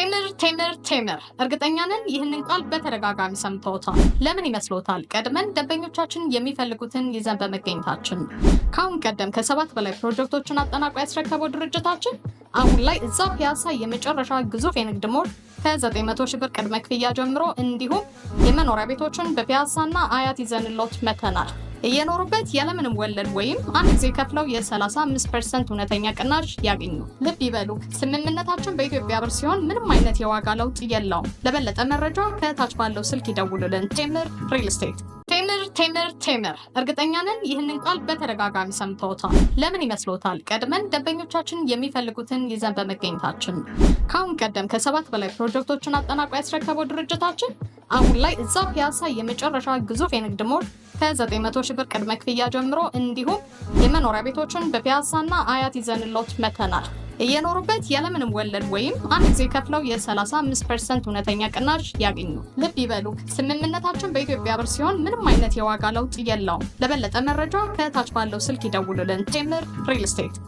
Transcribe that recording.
ቴምር ቴምር ቴምር እርግጠኛ ነን ይህንን ቃል በተደጋጋሚ ሰምተውታል። ለምን ይመስሎታል? ቀድመን ደንበኞቻችን የሚፈልጉትን ይዘን በመገኘታችን። ከአሁን ቀደም ከሰባት በላይ ፕሮጀክቶችን አጠናቆ ያስረከበው ድርጅታችን አሁን ላይ እዛ ፒያሳ የመጨረሻ ግዙፍ የንግድ ሞል ከ900 ሺህ ብር ቅድመ ክፍያ ጀምሮ እንዲሁም የመኖሪያ ቤቶችን በፒያሳና አያት ይዘንሎት መተናል። እየኖሩበት ያለምንም ወለድ ወይም አንድ ጊዜ ከፍለው የ35 ፐርሰንት እውነተኛ ቅናሽ ያገኙ። ልብ ይበሉ፣ ስምምነታችን በኢትዮጵያ ብር ሲሆን ምንም አይነት የዋጋ ለውጥ የለውም። ለበለጠ መረጃ ከታች ባለው ስልክ ይደውሉልን። ቴምር ሪል ስቴት። ቴምር ቴምር ቴምር። እርግጠኛ ነን ይህንን ቃል በተደጋጋሚ ሰምተውታል። ለምን ይመስሎታል? ቀድመን ደንበኞቻችን የሚፈልጉትን ይዘን በመገኘታችን። ከአሁን ቀደም ከሰባት በላይ ፕሮጀክቶችን አጠናቆ ያስረከበው ድርጅታችን አሁን ላይ እዛ ፒያሳ የመጨረሻ ግዙፍ የንግድ ሞል ከ900 ሺህ ብር ቅድመ ክፍያ ጀምሮ እንዲሁም የመኖሪያ ቤቶችን በፒያሳና አያት ይዘንሎት መተናል። እየኖሩበት ያለምንም ወለድ ወይም አንድ ጊዜ ከፍለው የ35 ፐርሰንት እውነተኛ ቅናሽ ያገኙ። ልብ ይበሉ፣ ስምምነታችን በኢትዮጵያ ብር ሲሆን ምንም አይነት የዋጋ ለውጥ የለውም። ለበለጠ መረጃ ከታች ባለው ስልክ ይደውሉልን። ቴምር ሪል ስቴት